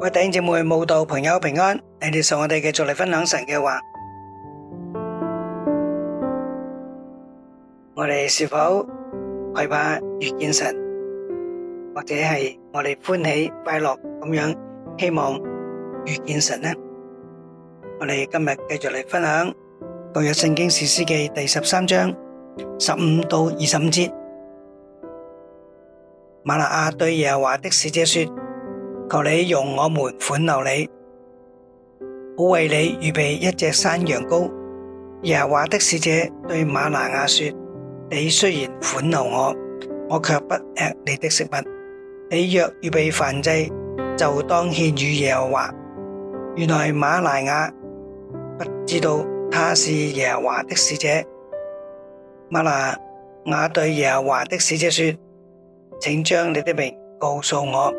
各位弟兄姊妹、慕道朋友平安，你哋送我哋繼續嚟分享神嘅話。我哋是否害怕遇見神，或者係我哋歡喜快樂咁樣希望遇見神呢？我哋今日繼續嚟分享舊約聖經士師記第十三章十五到二十五節。瑪挪亞對耶和華的使者說。求你容我們款留你，我為你預備一隻山羊羔。耶和華的使者對馬拿亞說：你雖然款留我，我却不吃你的食物。你若預備燔祭，就當獻與耶和華。原來馬拿亞不知道他是耶和華的使者。馬拿雅對耶和華的使者說：請將你的名告訴我。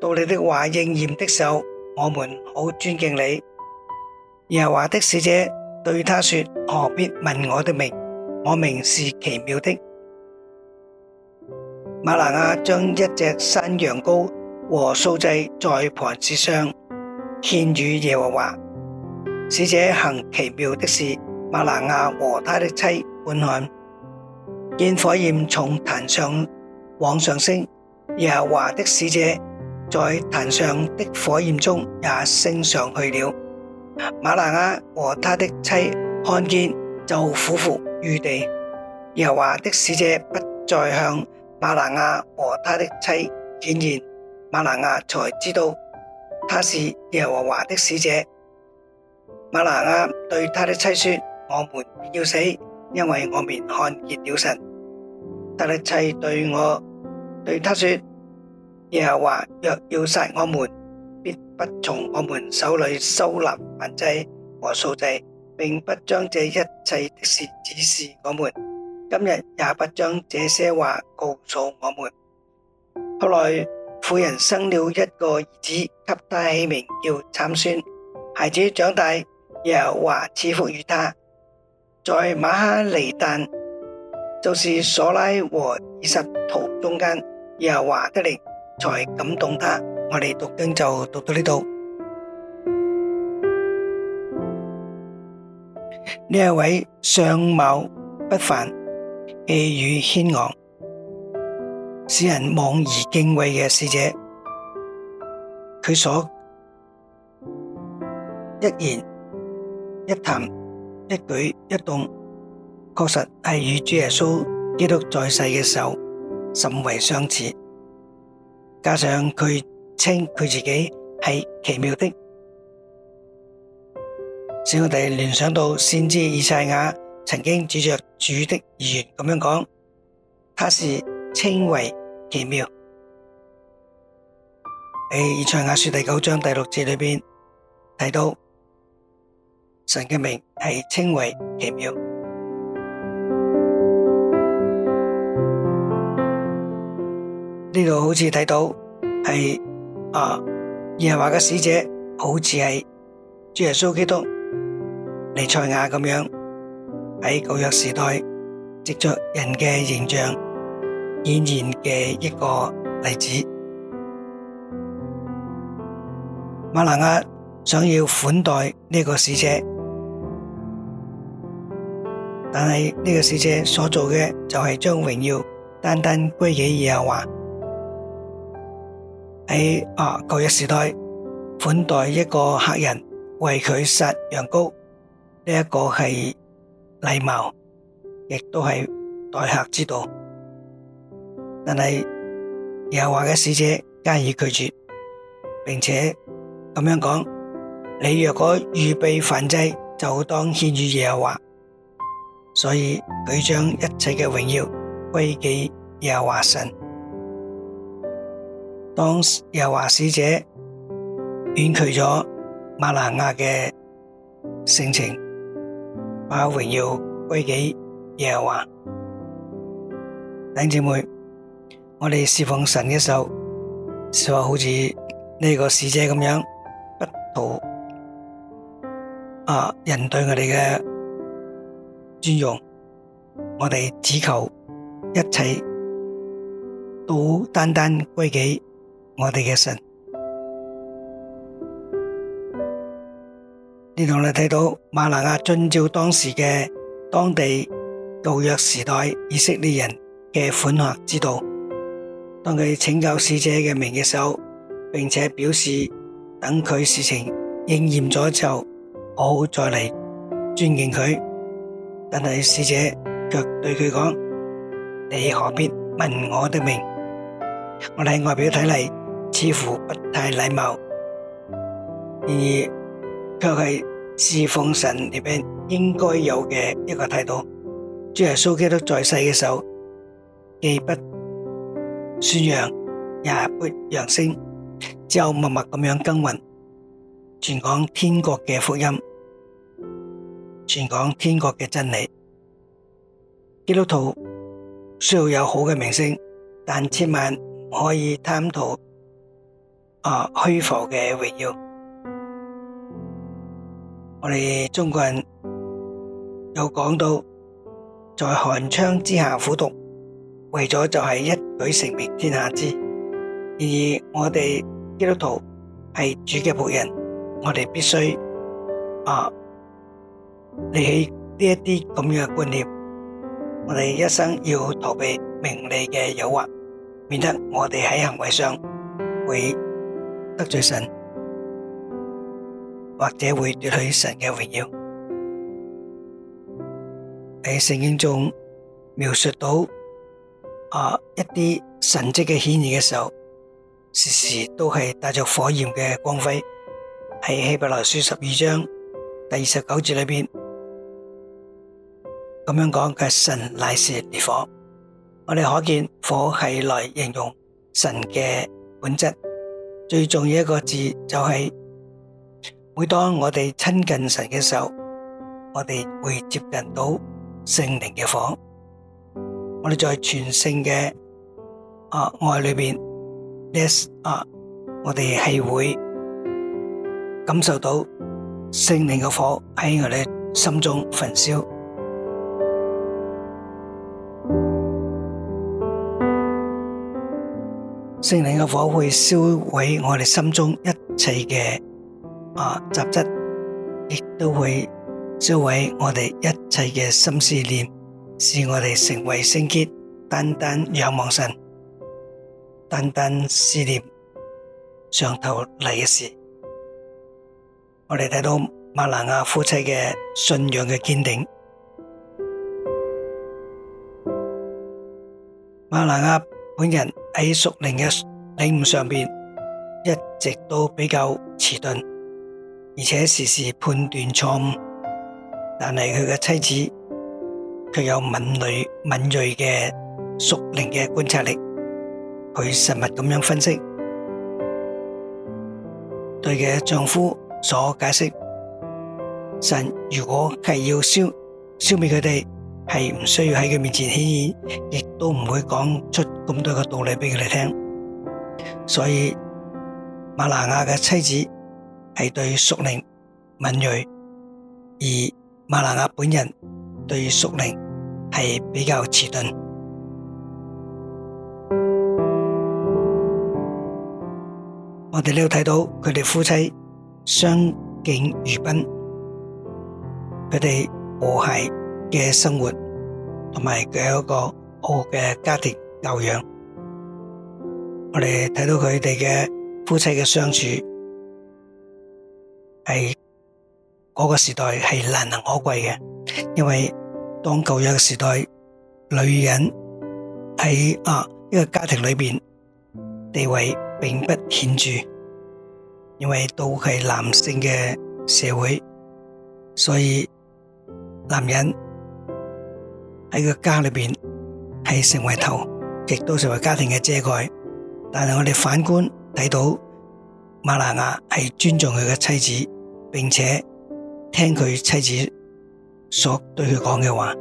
到你的話應驗的時候，我們好尊敬你。耶和華的使者對他說：何必問我的名？我名是奇妙的。馬拿亞將一隻山羊羔和素祭在盤子上獻與耶和華。使者行奇妙的事，馬拿亞和他的妻觀看，見火焰從壇上往上升。耶和華的使者。在壇上的火焰中也升上去了。馬拿亞和他的妻看見就俯伏於地，耶和華的使者不再向馬拿亞和他的妻顯現，馬拿亞才知道他是耶和華的使者。馬拿亞對他的妻說：我們要死，因為我們看見了神。他的妻對我對他說。耶和華若要殺我們，必不從我們手裏收納燔祭和素祭，並不將這一切的事指示我們。今日也不將這些話告訴我們。後來婦人生了一個兒子，給他起名叫參孫。孩子長大，耶和華賜福與他，在瑪哈尼但，就是索拉和以實圖中間，耶和華的靈。才感動他。我哋讀經就讀到呢度。呢一位相貌不凡、氣宇軒昂、使人望而敬畏嘅使者，佢所一言一談、一舉一動，確實係與主耶穌基督在世嘅時候甚為相似。加上佢稱佢自己係奇妙的，使我哋聯想到先知以賽亞曾經指着主的言咁樣講，他是稱為奇妙。喺以賽亞書第九章第六節裏邊提到神嘅名係稱為奇妙。呢度好似睇到係啊耶和華嘅使者，好似係主耶穌基督彌賽亞咁樣喺舊約時代藉着人嘅形象顯現嘅一個例子。馬拿亞想要款待呢個使者，但係呢個使者所做嘅就係將榮耀單單歸耶和華。喺啊，舊約時代款待一個客人為他殺，為佢殺羊羔，呢一個係禮貌，亦都係待客之道。但係耶和華嘅使者加以拒絕，並且咁樣講：你若果預備燔祭，就當獻與耶和華。所以佢將一切嘅榮耀歸給耶和華神。當耶和華使者婉拒咗馬蘭亞嘅聖情，把榮耀歸給耶和華。弟兄姊妹，我哋侍奉神嘅時候，就好似呢個使者咁樣，不圖啊人對我哋嘅尊榮，我哋只求一切都單單歸己我哋嘅神，呢度我哋睇到馬拿亞遵照當時嘅當地舊約時代以色列人嘅款項之道，當佢請教使者嘅名嘅時候，並且表示等佢事情應驗咗之後，好好再嚟尊敬佢，但係使者卻對佢講：你何必問我的名？我哋喺外表睇嚟，似乎不太禮貌，然而卻係侍奉神裏面應該有的一個態度。主耶穌基督在世的時候，既不宣揚，也不揚聲，只有默默噉樣耕耘，全講天國的福音，全講天國的真理。基督徒需要有好的名聲，但千萬唔可以貪圖啊！虛浮嘅榮耀，我哋中國人有講到，在寒窗之下苦讀，為咗就係一舉成名天下知。然而我哋基督徒係主嘅僕人，我哋必須啊，離棄呢一啲咁樣嘅觀念。我哋一生要逃避名利嘅誘惑，免得我哋喺行為上會。得罪神，或者會奪去神嘅榮耀。喺聖經中描述到啊一啲神蹟嘅顯現嘅時候，時時都係帶着火焰嘅光輝。喺希伯來書十二章第二十九節裏邊咁樣講嘅，神乃是烈火。我哋可見火係來形容神嘅本質。最重要一個字就係，每當我哋親近神嘅時候，我哋會接近到聖靈嘅火。我哋在全聖嘅啊愛裏面 Yes，啊，我哋係會感受到聖靈嘅火喺我哋心中焚燒。聖靈嘅火會燒毀我哋心中一切嘅啊雜質，亦都會燒毀我哋一切嘅心思念，使我哋成為聖潔，單單仰望神，單單思念上頭嚟嘅事。我哋睇到馬拿亞夫妻嘅信仰嘅堅定，馬拿亞本人，喺屬靈嘅領悟上面，一直都比較遲鈍，而且時時判斷錯誤。但係佢嘅妻子卻有敏銳、敏銳嘅屬靈嘅觀察力，佢慎密咁樣分析，對嘅丈夫所解釋：神如果係要消消滅佢哋。係唔需要喺佢面前顯現，亦都唔會講出咁多嘅道理俾佢哋聽。所以馬蘭亞嘅妻子係對淑玲敏鋭，而馬蘭亞本人對淑玲係比較遲鈍。我哋呢度睇到佢哋夫妻相敬如賓，佢哋和諧。嘅生活，同埋佢有一個好嘅家庭教養，我哋睇到佢哋嘅夫妻嘅相處係嗰個時代係難能可貴嘅，因為當舊約嘅時代，女人喺啊一個家庭裏邊地位並不顯著，因為都係男性嘅社會，所以男人。喺佢家裏邊，係成為頭，亦都成為家庭嘅遮蓋。但係我哋反觀睇到瑪挪亞係尊重佢嘅妻子，並且聽佢妻子所對佢講嘅話。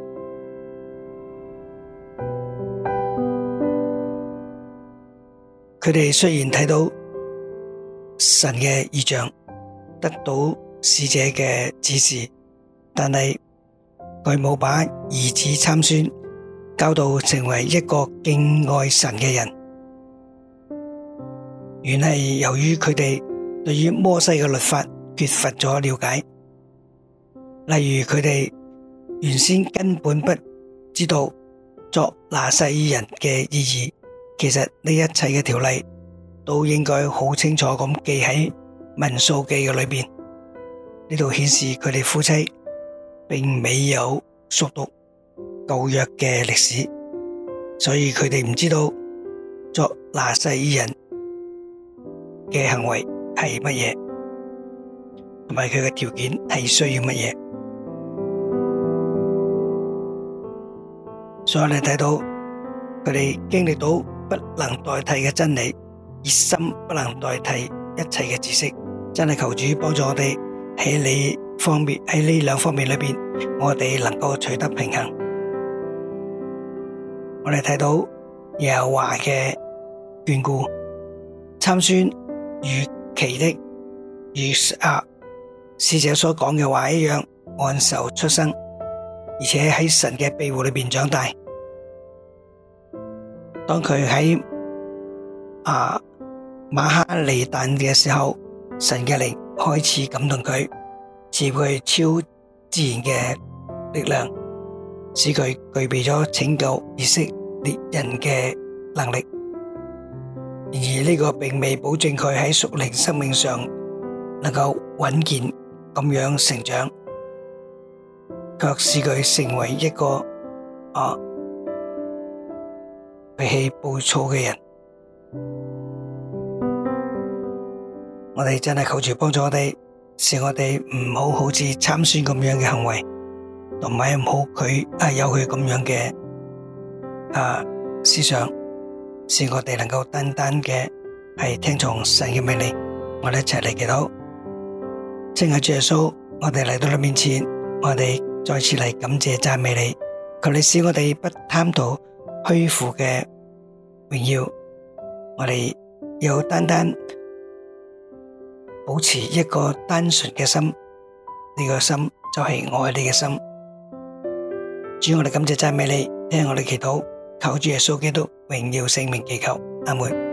佢哋雖然睇到神嘅異象，得到使者嘅指示，但係。佢冇把兒子參孫教導成為一個敬愛神嘅人，原係由於佢哋對於摩西嘅律法缺乏咗了解，例如佢哋原先根本不知道作拿細耳人嘅意義。其實呢一切嘅條例都應該好清楚咁記喺民數記嘅裏邊。呢度顯示佢哋夫妻。並未有熟讀舊約嘅歷史，所以佢哋唔知道作拿細耳人嘅行為係乜嘢，同埋佢嘅條件係需要乜嘢。所以你睇到佢哋經歷到不能代替嘅真理，熱心不能代替一切嘅知識，真係求主幫助我哋喺你方面喺呢兩方面裏邊，我哋能夠取得平衡。我哋睇到耶和華嘅眷顧參孫與其的與阿使者所講嘅話一樣，按時出生，而且喺神嘅庇護裏邊長大。當佢喺阿瑪哈尼但嘅時候，神嘅靈開始感動佢。賜佢超自然嘅力量，使佢具備咗拯救以色列人嘅能力。然而呢個並未保證佢喺屬靈生命上能夠穩健咁樣成長，卻使佢成為一個啊脾氣暴躁嘅人。我哋真係求主幫助我哋。是我哋唔好好似參選咁樣嘅行為，同埋唔好佢係有佢咁樣嘅啊思想，使我哋能夠單單嘅係聽從神嘅命令。我哋一齊嚟祈禱，親愛主耶穌，我哋嚟到你面前，我哋再次嚟感謝讚美你。求你使我哋不貪圖虛浮嘅榮耀，我哋有單單。保持一個單純嘅心，呢個心就係愛你嘅心。主，我哋感謝讚美你，聽我哋祈禱，求主耶穌基督榮耀聖名祈求阿門。